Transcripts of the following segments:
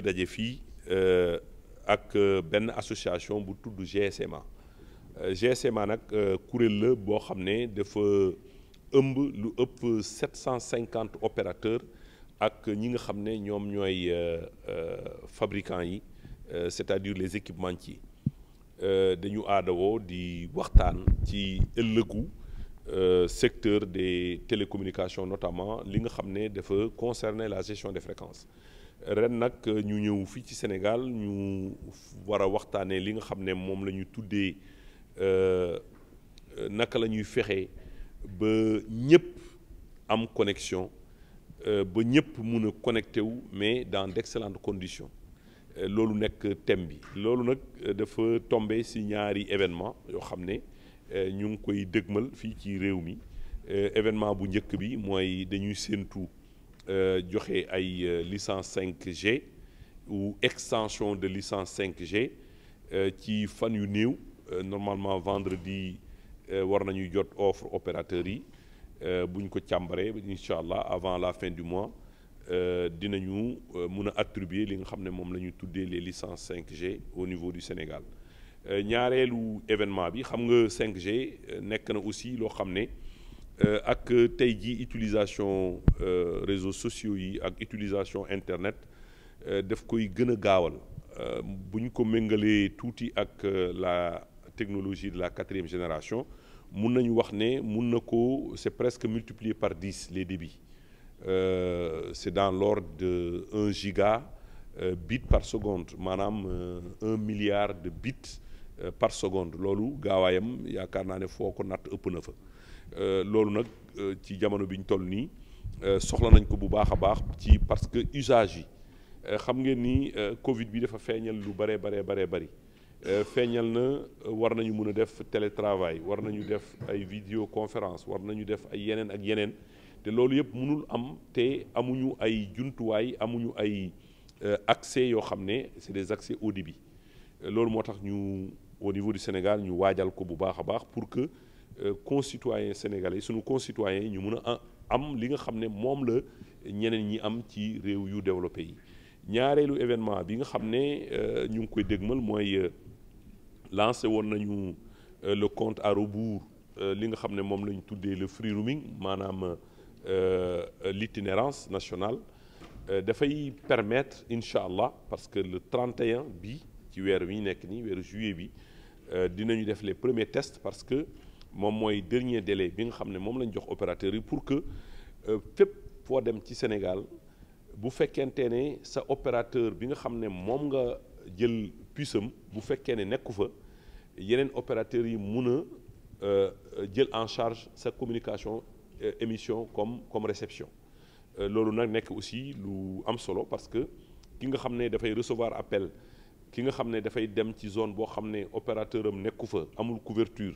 daje fii euh, ak euh, benn association bu tudd GSMA euh, GSMA nag kuréel la boo xam ne dafa ëmb lu ëpp 750 opérateurs ak ñi nga xam ne ñoom ñooy fabricants yi c'est-à-dire les équipements équipementiers dañu aadawoo di waxtaan ci ëllëgu secteur de télécommunications notamment li nga xam ne dafa concerner la gestion de fréquences ren nag euh, ñu ñëw fii ci Sénégal ñu war a waxtaanee li nga xam ne moom la ñu tuddee euh, naka la ñuy fexe ba ñëpp am connexion euh, ba ñëpp mun a connecté wu mais dans d'excellentes conditions loolu nekk thème bi. loolu nag dafa tombe si ñaari événement yoo xam ne ñu ngi koy dëgmal fii ci réew mi événement bu njëkk bi mooy dañuy séentu. Euh, joxe ay euh, licence 5G ou extension de licence 5G euh, ci fan yu néew normalement vendredi war nañuy jot offre opérateurs yi bu ñu ko càmbaree incha allah avant la fin du mois dinañu mun a attribuer li nga xam ne moom la ñu tuddee les licences 5G au niveau du Sénégal ñaareelu événement bi xam nga 5G nekk na aussi loo xam ne. Euh, ak euh, tey jii utilisation euh, réseaux sociaux yi ak utilisation internet daf koy gën a gaawal bu ñu ko méngalee tuuti ak la technologie de la quatrième génération mun nañu wax ne mun na ko c'est presque multiplié par dix les débits euh, c'est dans l'ordre de un giga euh, bit par seconde maanaam euh, un milliard de bits par seconde loolu gaawaayam yaakaar naa ne foo ko natt ëpp na fa Euh, loolu nag euh, ci jamono bi ñu toll nii euh, soxla nañ ko bu baax a baax ci parce que usage yi xam ngeen ni Covid bi dafa feeñal lu bare bare bare bari feeñal na war nañu mën a def télétravail war nañu def ay vidéoconférence war nañu def ay yeneen ak yeneen te loolu yëpp mënul am te amuñu ay jumtuwaay amuñu ay accès yoo xam ne c'est des accès audi bi loolu moo tax ñu au niveau du Sénégal ñu waajal ko bu baax a baax Euh, concitoyens sénégalais suñu concitoyens yi ñu mun a am li nga xam ne moom la ñeneen ñi am ci réew yu développé yi ñaareelu événement bi nga xam ne euh, ñu ngi koy dégmal mooy euh, lancé woon nañu le compte à rebours li nga xam ne moom la ñu tuddee le free roaming maanaam l'itinérance nationale dafay permettre incha allah parce que le 31 bi ci weer wi nekk ni weeru juillet bi dinañu def les premiers tests parce que moom mooy dernier délai bi nga xam ne moom lañ jox opérateur yi pour que euh, fépp foo dem ci Sénégal bu fekkente ne sa opérateur bi nga xam ne moom nga jël puce am bu fekkee ne nekku fa yeneen opérateur yi mun a euh, jël en charge sa communication euh, émission comme comme réception loolu nag nekk aussi lu am solo parce que ki nga xam ne dafay recevoir appel ki nga xam ne dafay dem ci zone boo xam ne opérateur am nekku fa amul couverture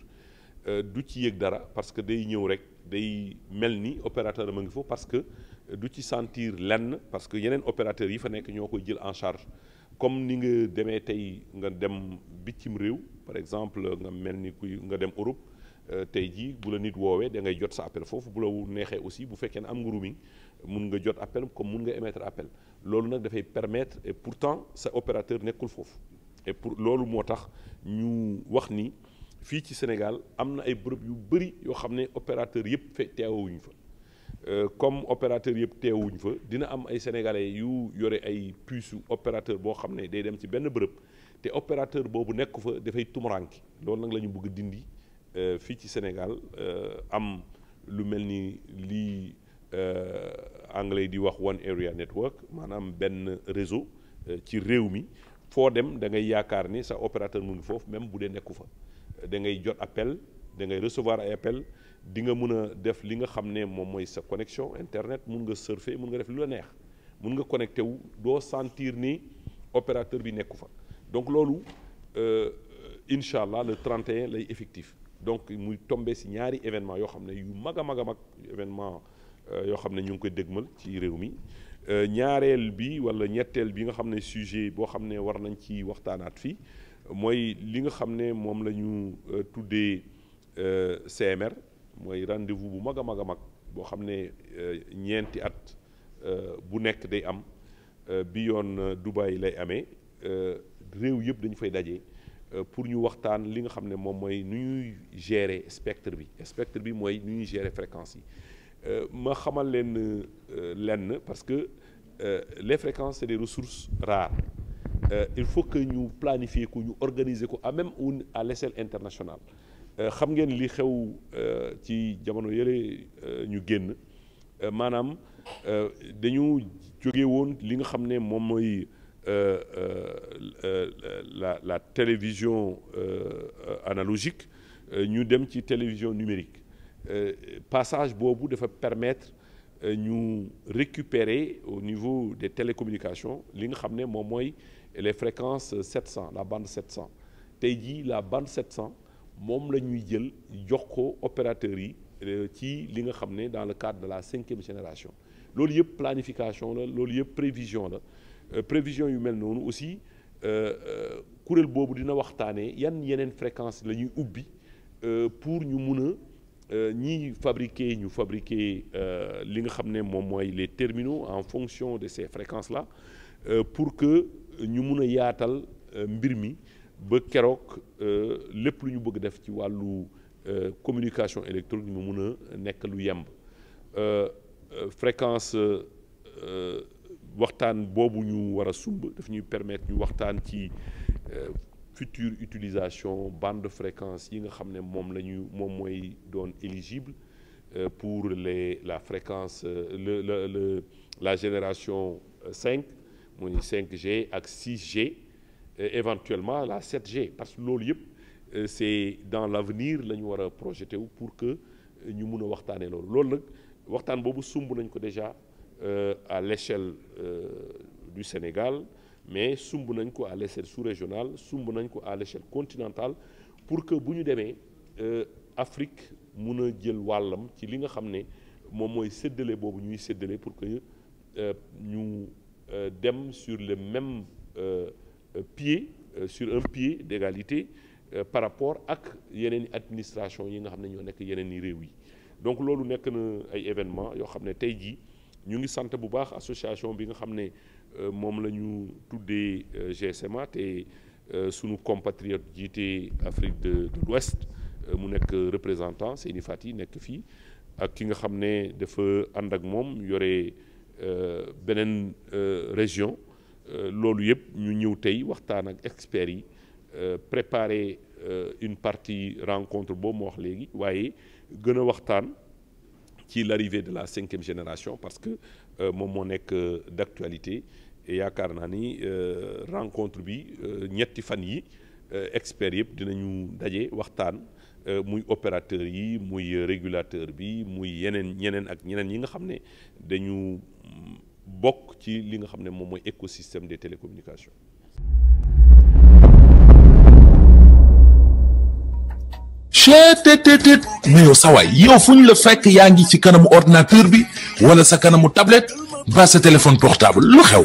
Euh, du ci yëg dara parce que day ñëw rek day mel ni opérateur am a ngi foofu parce que euh, du ci sentir lenn parce que yeneen opérateur yi fa nekk ñoo koy jël en charge comme ni nga demee tey nga dem bitim réew par exemple nga mel ni kuy nga dem Europe euh, tey jii bu la nit woowee dangay ngay jot sa appel foofu bu la neexee aussi bu fekkee ne am nga roaming mun nga jot appel comme mun nga émettre appel loolu nag dafay permettre et pourtant sa opérateur nekkul foofu pour loolu moo tax ñu wax ni. fii ci Sénégal am na ay bërëb yu bëri yoo xam ne opérateur yëpp teewuñu fa euh, comme opérateur yëpp teewuñu fa dina am ay sénégalais yu yore ay puce opérateur boo xam ne day dem ci benn bërëb te opérateur boobu nekku fa dafay tumuranki loolu nag la ñu bëgg dindi euh, fii ci Sénégal euh, am lu mel ni lii anglais di wax one area network maanaam benn réseau ci réew mi foo dem da ngay yaakaar ni sa opérateur mu ngi foofu même bu dee nekku fa da ngay jot appel da ngay recevoir ay appel di nga mën a def li nga xam ne moom mooy sa connexion internet mun nga surfer mun nga def lu la neex mun nga connecté wu doo sentir ni opérateur bi nekku fa donc loolu euh, incha allah le 31 lay effectif donc muy tombe si ñaari événement yoo xam ne yu mag a mag a mag événement euh, yoo xam ne ñu ngi koy dégmal ci réew mi euh, ñaareel bi wala ñetteel bi nga xam ne sujet boo xam ne war nañ ci waxtaanaat fii mooy li nga xam ne moom la ñu euh, tuddee euh, CMR mooy rendez-vous bu mag a mag a mag boo xam ne euh, ñeenti at bu nekk day am bi yoon Dubaï lay amee réew yëpp dañu fay daje pour ñu waxtaan li nga xam ne moom mooy nu ñuy gérer spectre bi spectre bi mooy nu ñuy gérer fréquence yi ma xamal leen lenn parce que les fréquences c'est des ressources rares Euh, il faut que ñu planifier ko ñu organiser ko à même un à l'échelle internationale euh, xam ngeen li xew euh, ci jamono yële ñu génn maanaam dañu jóge woon li nga xam ne moom mooy la la télévision analogique ñu dem ci télévision numérique passage boobu dafa permettre ñu récupérer au niveau de télécommunication li nga xam ne moom mooy les fréquences 700 la bande 700 tey jii la bande 700 moom la ñuy jël jox ko opérateurs yi euh, ci li nga xam ne dans le cadre de la cinquième génération loolu yëpp planification la loolu yëpp prévision la euh, prévision yu mel noonu aussi euh, kuréel boobu dina waxtaanee yan yeneen fréquence la ñuy ubbi pour ñu mun a ñiy fabriquer ñu fabriquer li nga xam ne moom mooy les terminaux en fonction de ces fréquences la pour que ñu mun a yaatal euh, mbir mi ba keroog euh, lépp lu ñu bëgg def ci wàllu euh, communication électronique mu mun a nekk lu yemb fréquence waxtaan boobu ñu war a sumb daf ñuy permettre ñu waxtaan ci future utilisation bande de fréquence yi nga xam ne moom la ñu moom mooy doon éligible pour le la fréquence le le la génération 5 muy 5G ak 6G euh, éventuellement la 7G parce que loolu yëpp euh, c'est dans l'avenir la ñu war a projeté wu pour que euh, ñu mun a waxtaanee loolu loolu nag waxtaan boobu sumb nañ ko déjà à l'échelle du Sénégal mais sumb nañ ko à l'échelle sous-régionale sumb nañ ko à l'échelle continentale pour que bu ñu demee Afrique mun a jël wàllam ci li nga xam ne moom mooy séddale boobu ñuy séddalee pour que ñu Euh, dem sur le même euh, euh, pied sur un pied d'égalité par rapport ak yeneen i administration yi nga xam ne ñoo nekk yeneen i réew yi donc loolu nekk na ay événement yoo xam ne tey jii ñu ngi sant bu baax association bi nga xam ne moom la ñu tuddee GSMA te sunu compatriote jiite Afrique de l'Ouest mu nekk représentant Seyni yi nekk fii ak ki nga xam ne dafa ànd ak moom yore Euh, beneen euh, région euh, loolu yëpp ñu ñëw tey waxtaan ak experts yi préparer une partie rencontre boobu ma wax léegi waaye gën a waxtaan ci l'arrivée de la cinquième génération parce que moom moo nekk d'actualité et yaakaar naa ni rencontre bi ñetti fan yi experts yëpp dinañu daje waxtaan Euh, muy opérateur yi muy régulateur bi muy yeneen ñeneen ak ñeneen yi nga xam ne dañu bokk ci li nga xam ne moom mooy écosystème des télécommunications. chetttt mais yow sawaay yow fu ñu la fekk yaa ngi ci kanamu ordinateur bi wala sa kanamu tablette ba sa téléphone portable lu xew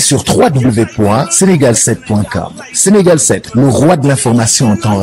sur www.sénégal7.com. Sénégal 7, le roi de l'information en temps